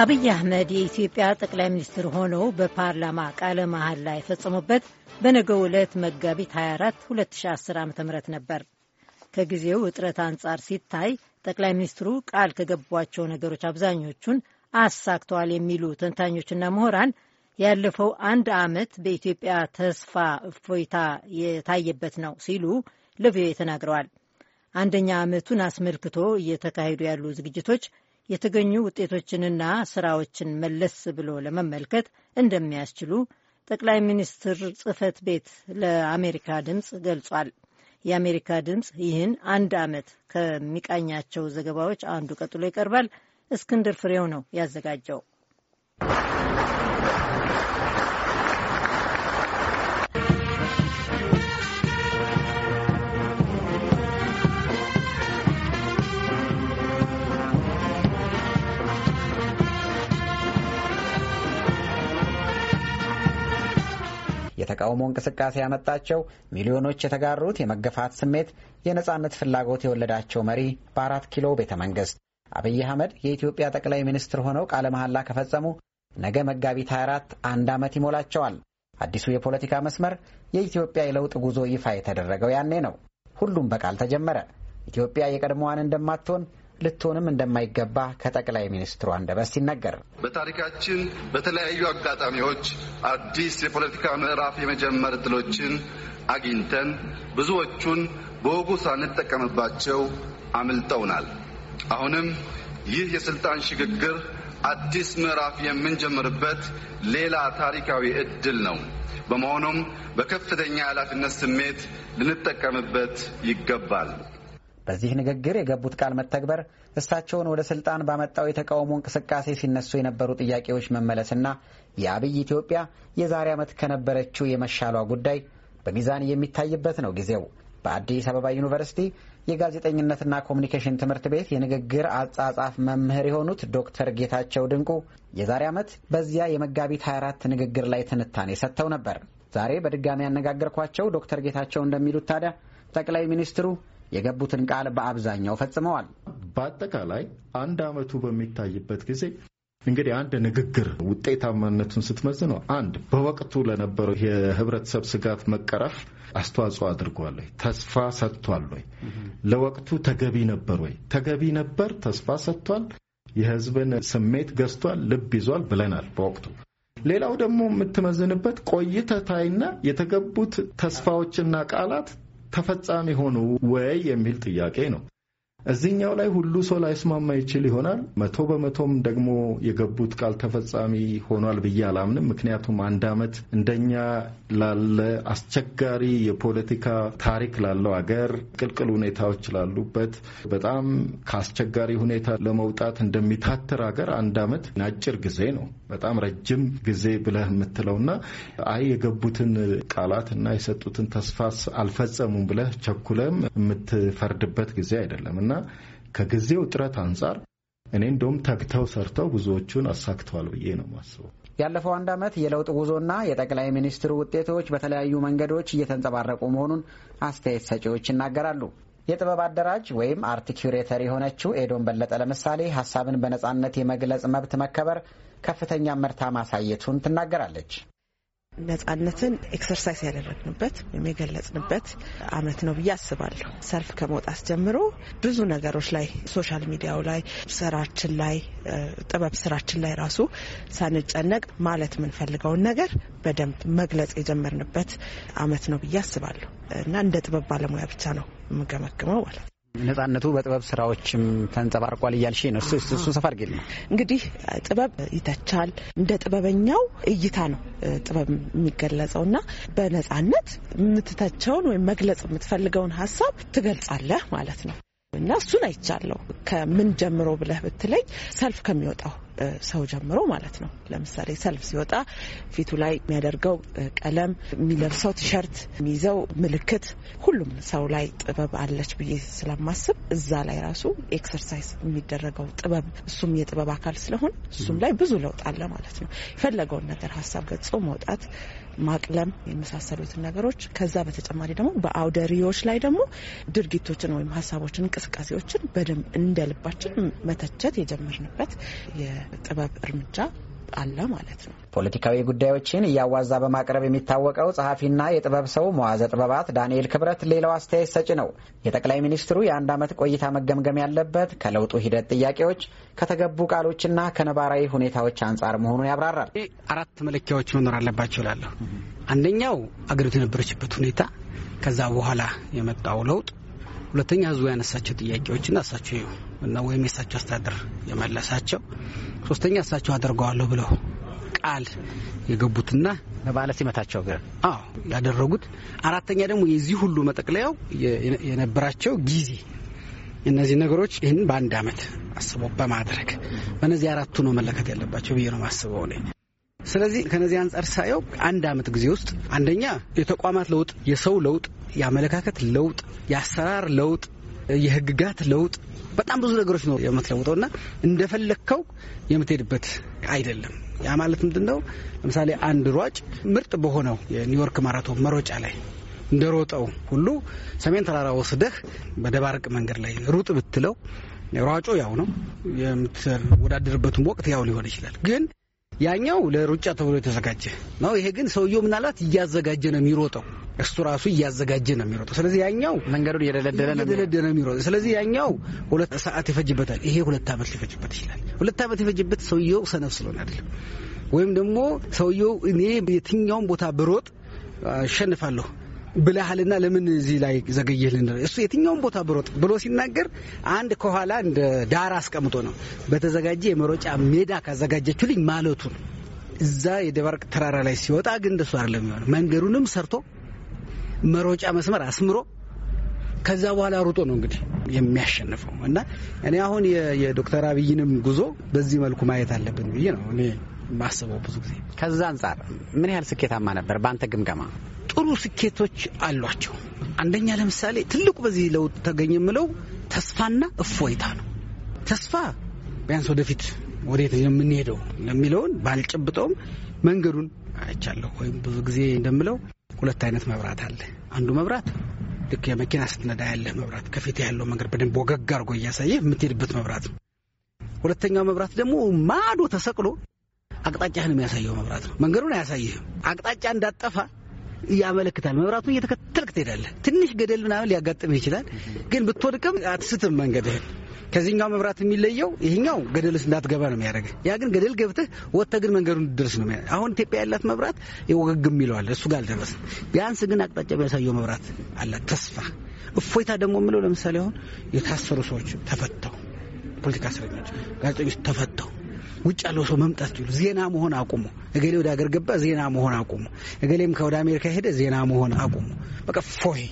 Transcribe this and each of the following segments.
አብይ አህመድ የኢትዮጵያ ጠቅላይ ሚኒስትር ሆነው በፓርላማ ቃለ ላይ የፈጸሙበት በነገው ዕለት መጋቢት 24 2010 ዓ ም ነበር። ከጊዜው እጥረት አንጻር ሲታይ ጠቅላይ ሚኒስትሩ ቃል ከገቧቸው ነገሮች አብዛኞቹን አሳክተዋል የሚሉ ተንታኞችና ምሁራን ያለፈው አንድ ዓመት በኢትዮጵያ ተስፋ እፎይታ የታየበት ነው ሲሉ ለቪኦኤ ተናግረዋል። አንደኛ ዓመቱን አስመልክቶ እየተካሄዱ ያሉ ዝግጅቶች የተገኙ ውጤቶችንና ስራዎችን መለስ ብሎ ለመመልከት እንደሚያስችሉ ጠቅላይ ሚኒስትር ጽህፈት ቤት ለአሜሪካ ድምፅ ገልጿል። የአሜሪካ ድምፅ ይህን አንድ ዓመት ከሚቃኛቸው ዘገባዎች አንዱ ቀጥሎ ይቀርባል። እስክንድር ፍሬው ነው ያዘጋጀው። የተቃውሞ እንቅስቃሴ ያመጣቸው ሚሊዮኖች የተጋሩት የመገፋት ስሜት፣ የነጻነት ፍላጎት የወለዳቸው መሪ በአራት ኪሎ ቤተ መንግስት አብይ አህመድ የኢትዮጵያ ጠቅላይ ሚኒስትር ሆነው ቃለ መሐላ ከፈጸሙ ነገ መጋቢት 24 አንድ ዓመት ይሞላቸዋል። አዲሱ የፖለቲካ መስመር የኢትዮጵያ የለውጥ ጉዞ ይፋ የተደረገው ያኔ ነው። ሁሉም በቃል ተጀመረ። ኢትዮጵያ የቀድሞዋን እንደማትሆን ልትሆንም እንደማይገባ ከጠቅላይ ሚኒስትሩ አንደበት ሲነገር በታሪካችን በተለያዩ አጋጣሚዎች አዲስ የፖለቲካ ምዕራፍ የመጀመር እድሎችን አግኝተን ብዙዎቹን በወጉ ሳንጠቀምባቸው አምልጠውናል። አሁንም ይህ የስልጣን ሽግግር አዲስ ምዕራፍ የምንጀምርበት ሌላ ታሪካዊ እድል ነው። በመሆኑም በከፍተኛ ኃላፊነት ስሜት ልንጠቀምበት ይገባል። በዚህ ንግግር የገቡት ቃል መተግበር እሳቸውን ወደ ስልጣን ባመጣው የተቃውሞ እንቅስቃሴ ሲነሱ የነበሩ ጥያቄዎች መመለስና የአብይ ኢትዮጵያ የዛሬ ዓመት ከነበረችው የመሻሏ ጉዳይ በሚዛን የሚታይበት ነው ጊዜው። በአዲስ አበባ ዩኒቨርሲቲ የጋዜጠኝነትና ኮሚኒኬሽን ትምህርት ቤት የንግግር አጻጻፍ መምህር የሆኑት ዶክተር ጌታቸው ድንቁ የዛሬ ዓመት በዚያ የመጋቢት 24 ንግግር ላይ ትንታኔ ሰጥተው ነበር። ዛሬ በድጋሚ ያነጋገርኳቸው ዶክተር ጌታቸው እንደሚሉት ታዲያ ጠቅላይ ሚኒስትሩ የገቡትን ቃል በአብዛኛው ፈጽመዋል። በአጠቃላይ አንድ ዓመቱ በሚታይበት ጊዜ እንግዲህ አንድ ንግግር ውጤታማነቱን ስትመዝነው አንድ በወቅቱ ለነበረው የህብረተሰብ ስጋት መቀረፍ አስተዋጽኦ አድርጓል ወይ? ተስፋ ሰጥቷል ወይ? ለወቅቱ ተገቢ ነበር ወይ? ተገቢ ነበር፣ ተስፋ ሰጥቷል፣ የህዝብን ስሜት ገዝቷል፣ ልብ ይዟል ብለናል በወቅቱ። ሌላው ደግሞ የምትመዝንበት ቆይተታይና የተገቡት ተስፋዎችና ቃላት ተፈጻሚ ሆኑ ወይ የሚል ጥያቄ ነው። እዚህኛው ላይ ሁሉ ሰው ላይስማማ ይችል ይሆናል። መቶ በመቶም ደግሞ የገቡት ቃል ተፈጻሚ ሆኗል ብዬ አላምንም። ምክንያቱም አንድ አመት እንደኛ ላለ አስቸጋሪ የፖለቲካ ታሪክ ላለው አገር ቅልቅል ሁኔታዎች ላሉበት በጣም ከአስቸጋሪ ሁኔታ ለመውጣት እንደሚታትር አገር አንድ አመት አጭር ጊዜ ነው። በጣም ረጅም ጊዜ ብለህ የምትለውና አይ የገቡትን ቃላት እና የሰጡትን ተስፋ አልፈጸሙም ብለህ ቸኩለም የምትፈርድበት ጊዜ አይደለም እና ከጊዜው ጥረት አንጻር እኔ እንደውም ተግተው ሰርተው ብዙዎቹን አሳክተዋል ብዬ ነው ማስበው። ያለፈው አንድ ዓመት የለውጥ ጉዞና የጠቅላይ ሚኒስትሩ ውጤቶች በተለያዩ መንገዶች እየተንጸባረቁ መሆኑን አስተያየት ሰጪዎች ይናገራሉ። የጥበብ አደራጅ ወይም አርት ኪውሬተር የሆነችው ኤዶን በለጠ ለምሳሌ ሀሳብን በነጻነት የመግለጽ መብት መከበር ከፍተኛ ምርታ ማሳየቱን ትናገራለች። ነጻነትን ኤክሰርሳይዝ ያደረግንበት ወይም የገለጽንበት አመት ነው ብዬ አስባለሁ። ሰልፍ ከመውጣት ጀምሮ ብዙ ነገሮች ላይ ሶሻል ሚዲያው ላይ፣ ስራችን ላይ፣ ጥበብ ስራችን ላይ ራሱ ሳንጨነቅ ማለት የምንፈልገውን ነገር በደንብ መግለጽ የጀመርንበት አመት ነው ብዬ አስባለሁ እና እንደ ጥበብ ባለሙያ ብቻ ነው የምገመግመው ማለት ነው። ነጻነቱ በጥበብ ስራዎችም ተንጸባርቋል እያልሽ ነው። እሱ ሰፋ አድርጌ ነው እንግዲህ ጥበብ ይተቻል። እንደ ጥበበኛው እይታ ነው ጥበብ የሚገለጸው እና በነጻነት የምትተቸውን ወይም መግለጽ የምትፈልገውን ሀሳብ ትገልጻለህ ማለት ነው እና እሱን አይቻለሁ። ከምን ጀምሮ ብለህ ብትለይ ሰልፍ ከሚወጣው ሰው ጀምሮ ማለት ነው። ለምሳሌ ሰልፍ ሲወጣ ፊቱ ላይ የሚያደርገው ቀለም፣ የሚለብሰው ቲሸርት፣ የሚይዘው ምልክት ሁሉም ሰው ላይ ጥበብ አለች ብዬ ስለማስብ እዛ ላይ ራሱ ኤክሰርሳይዝ የሚደረገው ጥበብ እሱም የጥበብ አካል ስለሆነ እሱም ላይ ብዙ ለውጥ አለ ማለት ነው። የፈለገውን ነገር ሀሳብ ገጾ መውጣት ማቅለም የመሳሰሉትን ነገሮች ከዛ በተጨማሪ ደግሞ በአውደሪዎች ላይ ደግሞ ድርጊቶችን ወይም ሀሳቦችን፣ እንቅስቃሴዎችን በደንብ እንደልባችን መተቸት የጀመርንበት የጥበብ እርምጃ አለ ማለት ነው። ፖለቲካዊ ጉዳዮችን እያዋዛ በማቅረብ የሚታወቀው ጸሐፊና የጥበብ ሰው መዋዘ ጥበባት ዳንኤል ክብረት ሌላው አስተያየት ሰጭ ነው። የጠቅላይ ሚኒስትሩ የአንድ ዓመት ቆይታ መገምገም ያለበት ከለውጡ ሂደት ጥያቄዎች፣ ከተገቡ ቃሎችና ከነባራዊ ሁኔታዎች አንጻር መሆኑን ያብራራል። አራት መለኪያዎች መኖር አለባቸው ይላለሁ። አንደኛው አገሪቱ የነበረችበት ሁኔታ፣ ከዛ በኋላ የመጣው ለውጥ ሁለተኛ ህዝቡ ያነሳቸው ጥያቄዎችና እሳቸው እና ወይም የእሳቸው አስተዳደር የመለሳቸው፣ ሶስተኛ እሳቸው አደርገዋለሁ ብለው ቃል የገቡትና በባለ ሲመታቸው ግን አዎ ያደረጉት፣ አራተኛ ደግሞ የዚህ ሁሉ መጠቅለያው የነበራቸው ጊዜ እነዚህ ነገሮች ይህን በአንድ አመት አስቦ በማድረግ በነዚህ አራቱ ነው መለከት ያለባቸው ብዬ ነው ማስበው እኔ። ስለዚህ ከነዚህ አንጻር ሳየው አንድ አመት ጊዜ ውስጥ አንደኛ የተቋማት ለውጥ፣ የሰው ለውጥ፣ የአመለካከት ለውጥ፣ የአሰራር ለውጥ፣ የህግጋት ለውጥ በጣም ብዙ ነገሮች ነው የምትለውጠው እና እንደፈለግከው የምትሄድበት አይደለም። ያ ማለት ምንድን ነው? ለምሳሌ አንድ ሯጭ ምርጥ በሆነው የኒውዮርክ ማራቶን መሮጫ ላይ እንደሮጠው ሁሉ ሰሜን ተራራ ወስደህ በደባርቅ መንገድ ላይ ሩጥ ብትለው ሯጩ ያው ነው፣ የምትወዳደርበትም ወቅት ያው ሊሆን ይችላል። ግን ያኛው ለሩጫ ተብሎ የተዘጋጀ ነው። ይሄ ግን ሰውየው ምናልባት እያዘጋጀ ነው የሚሮጠው እሱ ራሱ እያዘጋጀ ነው የሚሮጠው። ስለዚህ ያኛው መንገዱን እየደለደለ ነው የሚሮጠው። ስለዚህ ያኛው ሁለት ሰዓት ይፈጅበታል፣ ይሄ ሁለት ዓመት ሊፈጅበት ይችላል። ሁለት ዓመት ይፈጅበት ሰውየው ሰነፍ ስለሆነ አይደለም። ወይም ደግሞ ሰውየው እኔ የትኛውን ቦታ ብሮጥ አሸንፋለሁ ብለሃልና ለምን እዚህ ላይ ዘገየህ ልንለው እሱ የትኛውን ቦታ ብሮጥ ብሎ ሲናገር አንድ ከኋላ እንደ ዳር አስቀምጦ ነው በተዘጋጀ የመሮጫ ሜዳ ካዘጋጀችልኝ ማለቱ ነው። እዛ የደባርቅ ተራራ ላይ ሲወጣ ግን እንደሱ አይደለም የሚሆነው። መንገዱንም ሰርቶ መሮጫ መስመር አስምሮ ከዛ በኋላ ሩጦ ነው እንግዲህ የሚያሸንፈው እና እኔ አሁን የዶክተር አብይንም ጉዞ በዚህ መልኩ ማየት አለብን ብዬ ነው እኔ ማስበው። ብዙ ጊዜ ከዛ አንጻር ምን ያህል ስኬታማ ነበር በአንተ ግምገማ? ጥሩ ስኬቶች አሏቸው። አንደኛ ለምሳሌ ትልቁ በዚህ ለውጥ ተገኘ የምለው ተስፋና እፎይታ ነው። ተስፋ ቢያንስ ወደፊት ወዴት የምንሄደው ለሚለውን ባልጨብጠውም መንገዱን አይቻለሁ። ወይም ብዙ ጊዜ እንደምለው ሁለት አይነት መብራት አለ። አንዱ መብራት ልክ የመኪና ስትነዳ ያለ መብራት ከፊት ያለው መንገድ በደንብ ወገግ አድርጎ እያሳየ የምትሄድበት መብራት ነው። ሁለተኛው መብራት ደግሞ ማዶ ተሰቅሎ አቅጣጫህን የሚያሳየው መብራት ነው። መንገዱን አያሳይህም። አቅጣጫ እንዳጠፋ ያመለክታል። መብራቱን እየተከተልክ ትሄዳለህ። ትንሽ ገደል ምናምን ሊያጋጥምህ ይችላል፣ ግን ብትወድቅም አትስትም መንገድህን ከዚህኛው መብራት የሚለየው ይሄኛው ገደል ውስጥ እንዳትገባ ነው የሚያደርግህ። ያ ግን ገደል ገብተህ ወጥተህ ግን መንገዱ እንድትደርስ ነው። አሁን ኢትዮጵያ ያላት መብራት ይወገግም ይለዋል። እሱ ጋር አልደረስ። ቢያንስ ግን አቅጣጫ የሚያሳየው መብራት አለ ተስፋ እፎይታ ደግሞ የምለው ለምሳሌ አሁን የታሰሩ ሰዎች ተፈተው፣ ፖለቲካ እስረኞች፣ ጋዜጠኞች ተፈተው ውጭ ያለው ሰው መምጣት ችሉ ዜና መሆን አቁሙ። እገሌ ወደ ሀገር ገባ ዜና መሆን አቁሙ። እገሌም ከወደ አሜሪካ ሄደ ዜና መሆን አቁሙ። በቃ ፎይ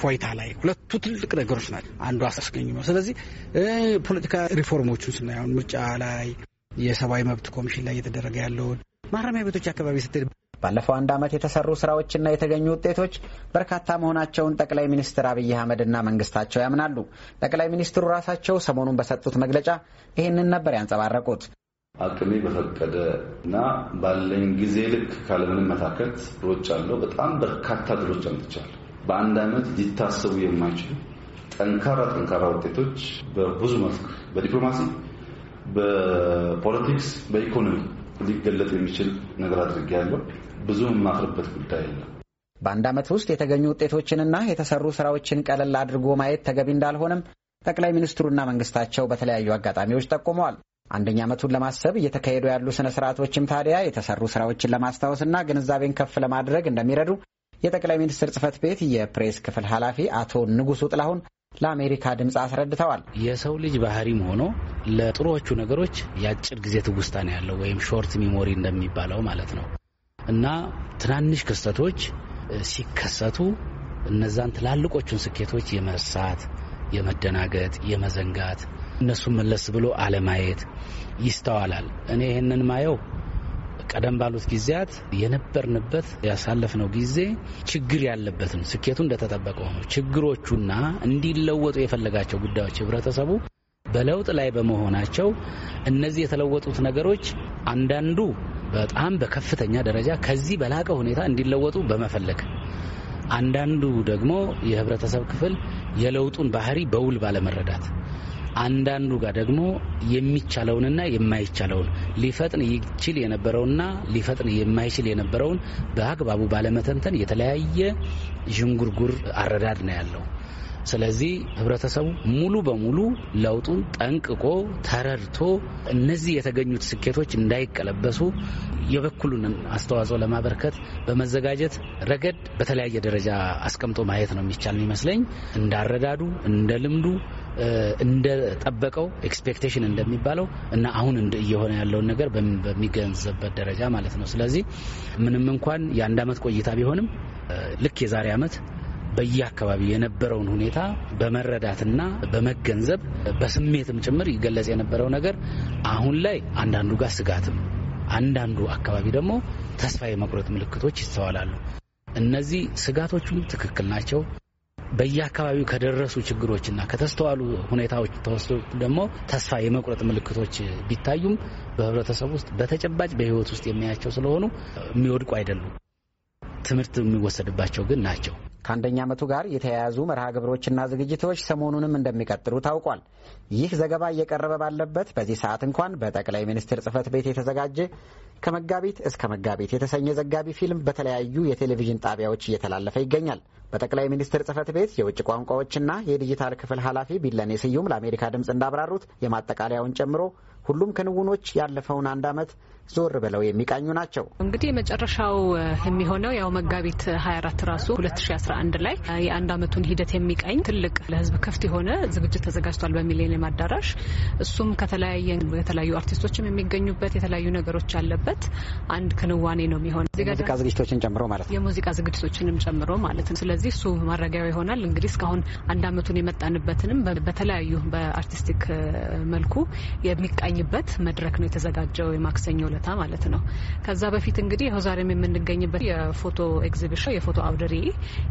ፎይታ ላይ ሁለቱ ትልቅ ነገሮች ናቸው። አንዱ አስገኝ ነው። ስለዚህ ፖለቲካ ሪፎርሞቹን ስናየውን ምርጫ ላይ የሰብአዊ መብት ኮሚሽን ላይ እየተደረገ ያለውን ማረሚያ ቤቶች አካባቢ ስትል ባለፈው አንድ ዓመት የተሰሩ ስራዎችና የተገኙ ውጤቶች በርካታ መሆናቸውን ጠቅላይ ሚኒስትር አብይ አህመድና መንግስታቸው ያምናሉ። ጠቅላይ ሚኒስትሩ ራሳቸው ሰሞኑን በሰጡት መግለጫ ይህንን ነበር ያንጸባረቁት። አቅሜ በፈቀደ እና ባለኝ ጊዜ ልክ ካለምንም መታከት ድሮች አለው። በጣም በርካታ ድሮች አምጥቻለሁ። በአንድ ዓመት ሊታሰቡ የማይችሉ ጠንካራ ጠንካራ ውጤቶች በብዙ መስክ በዲፕሎማሲ፣ በፖለቲክስ፣ በኢኮኖሚ ሊገለጥ የሚችል ነገር አድርጌ ያለው ብዙ የማፍርበት ጉዳይ የለም። በአንድ ዓመት ውስጥ የተገኙ ውጤቶችንና የተሰሩ ስራዎችን ቀለል አድርጎ ማየት ተገቢ እንዳልሆነም ጠቅላይ ሚኒስትሩና መንግስታቸው በተለያዩ አጋጣሚዎች ጠቁመዋል። አንደኛ ዓመቱን ለማሰብ እየተካሄዱ ያሉ ስነ ስርዓቶችም ታዲያ የተሰሩ ስራዎችን ለማስታወስና ግንዛቤን ከፍ ለማድረግ እንደሚረዱ የጠቅላይ ሚኒስትር ጽህፈት ቤት የፕሬስ ክፍል ኃላፊ አቶ ንጉሱ ጥላሁን ለአሜሪካ ድምፅ አስረድተዋል። የሰው ልጅ ባህሪም ሆኖ ለጥሩዎቹ ነገሮች የአጭር ጊዜ ትውስታ ነው ያለው ወይም ሾርት ሚሞሪ እንደሚባለው ማለት ነው እና ትናንሽ ክስተቶች ሲከሰቱ እነዛን ትላልቆቹን ስኬቶች የመርሳት፣ የመደናገጥ፣ የመዘንጋት እነሱን መለስ ብሎ አለማየት ይስተዋላል። እኔ ይህንን ማየው ቀደም ባሉት ጊዜያት የነበርንበት ያሳለፍነው ጊዜ ችግር ያለበት ነው። ስኬቱ እንደተጠበቀው ነው። ችግሮቹና እንዲለወጡ የፈለጋቸው ጉዳዮች ህብረተሰቡ በለውጥ ላይ በመሆናቸው እነዚህ የተለወጡት ነገሮች አንዳንዱ በጣም በከፍተኛ ደረጃ ከዚህ በላቀ ሁኔታ እንዲለወጡ በመፈለግ አንዳንዱ ደግሞ የህብረተሰብ ክፍል የለውጡን ባህሪ በውል ባለመረዳት አንዳንዱ ጋር ደግሞ የሚቻለውንና የማይቻለውን ሊፈጥን ይችል የነበረውና ሊፈጥን የማይችል የነበረውን በአግባቡ ባለመተንተን የተለያየ ዥንጉርጉር አረዳድ ነው ያለው። ስለዚህ ህብረተሰቡ ሙሉ በሙሉ ለውጡን ጠንቅቆ ተረድቶ እነዚህ የተገኙት ስኬቶች እንዳይቀለበሱ የበኩሉን አስተዋጽኦ ለማበርከት በመዘጋጀት ረገድ በተለያየ ደረጃ አስቀምጦ ማየት ነው የሚቻል የሚመስለኝ። እንዳረዳዱ፣ እንደ ልምዱ፣ እንደጠበቀው ኤክስፔክቴሽን እንደሚባለው እና አሁን እየሆነ ያለውን ነገር በሚገንዘበት ደረጃ ማለት ነው። ስለዚህ ምንም እንኳን የአንድ አመት ቆይታ ቢሆንም ልክ የዛሬ ዓመት በየአካባቢ የነበረውን ሁኔታ በመረዳትና በመገንዘብ በስሜትም ጭምር ይገለጽ የነበረው ነገር አሁን ላይ አንዳንዱ ጋር ስጋትም፣ አንዳንዱ አካባቢ ደግሞ ተስፋ የመቁረጥ ምልክቶች ይስተዋላሉ። እነዚህ ስጋቶቹም ትክክል ናቸው። በየአካባቢው ከደረሱ ችግሮችና ከተስተዋሉ ሁኔታዎች ተወስዶ ደግሞ ተስፋ የመቁረጥ ምልክቶች ቢታዩም በህብረተሰብ ውስጥ በተጨባጭ በህይወት ውስጥ የሚያያቸው ስለሆኑ የሚወድቁ አይደሉም። ትምህርት የሚወሰድባቸው ግን ናቸው። ከአንደኛ ዓመቱ ጋር የተያያዙ መርሃ ግብሮችና ዝግጅቶች ሰሞኑንም እንደሚቀጥሉ ታውቋል። ይህ ዘገባ እየቀረበ ባለበት በዚህ ሰዓት እንኳን በጠቅላይ ሚኒስትር ጽህፈት ቤት የተዘጋጀ ከመጋቢት እስከ መጋቢት የተሰኘ ዘጋቢ ፊልም በተለያዩ የቴሌቪዥን ጣቢያዎች እየተላለፈ ይገኛል። በጠቅላይ ሚኒስትር ጽህፈት ቤት የውጭ ቋንቋዎችና የዲጂታል ክፍል ኃላፊ ቢለኔ ስዩም ለአሜሪካ ድምፅ እንዳብራሩት የማጠቃለያውን ጨምሮ ሁሉም ክንውኖች ያለፈውን አንድ ዓመት ዞር ብለው የሚቃኙ ናቸው። እንግዲህ የመጨረሻው የሚሆነው ያው መጋቢት 24 ራሱ 2011 ላይ የአንድ ዓመቱን ሂደት የሚቃኝ ትልቅ ለህዝብ ክፍት የሆነ ዝግጅት ተዘጋጅቷል በሚሌኒየም አዳራሽ። እሱም ከተለያየ የተለያዩ አርቲስቶችም የሚገኙበት የተለያዩ ነገሮች ያለበት አንድ ክንዋኔ ነው የሚሆነው ሙዚቃ ዝግጅቶችን ጨምሮ ማለት ነው። የሙዚቃ ዝግጅቶችንም ጨምሮ ማለት ነው። ስለዚህ እሱ ማረጊያው ይሆናል። እንግዲህ እስካሁን አንድ አመቱን የመጣንበትንም በተለያዩ በአርቲስቲክ መልኩ የሚቃኝበት መድረክ ነው የተዘጋጀው የማክሰኞ ለታ ማለት ነው። ከዛ በፊት እንግዲህ ይኸው ዛሬም የምንገኝበት የፎቶ ኤግዚቢሽን የፎቶ አውደሪ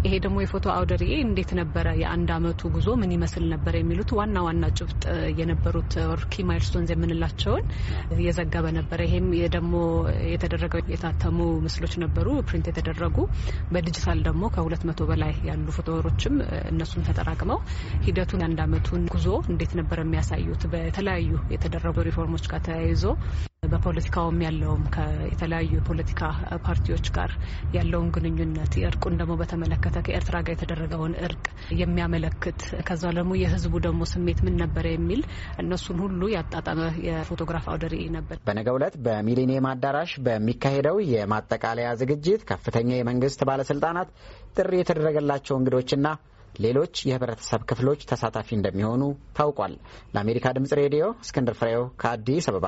ይሄ ደግሞ የፎቶ አውደሪ እንዴት ነበረ የአንድ አመቱ ጉዞ ምን ይመስል ነበር የሚሉት ዋና ዋና ጭብጥ የነበሩት ኪ ማይልስቶንዝ የምንላቸውን እየዘገበ ነበረ። ይሄም ደግሞ የተደረገው የታተሙ ምስሎች ነበሩ ፕሪንት የተደረጉ በዲጂታል ደግሞ ከሁለት መቶ በላይ ያሉ ፎቶወሮችም እነሱን ተጠራቅመው ሂደቱን የአንድ አመቱን ጉዞ እንዴት ነበር የሚያሳዩት በተለያዩ የተደረጉ ሪፎርሞች ጋር ተያይዞ በፖለቲካውም ያለውም ከተለያዩ የፖለቲካ ፓርቲዎች ጋር ያለውን ግንኙነት እርቁን ደግሞ በተመለከተ ከኤርትራ ጋር የተደረገውን እርቅ የሚያመለክት ከዛ ደግሞ የህዝቡ ደግሞ ስሜት ምን ነበረ የሚል እነሱን ሁሉ ያጣጠመ የፎቶግራፍ አውደ ነበር። በነገው ዕለት በሚሊኒየም አዳራሽ በሚካሄደው የማጠቃለያ ዝግጅት ከፍተኛ የመንግስት ባለስልጣናት ጥሪ የተደረገላቸው እንግዶችና ሌሎች የህብረተሰብ ክፍሎች ተሳታፊ እንደሚሆኑ ታውቋል። ለአሜሪካ ድምጽ ሬዲዮ እስክንድር ፍሬው ከአዲስ አበባ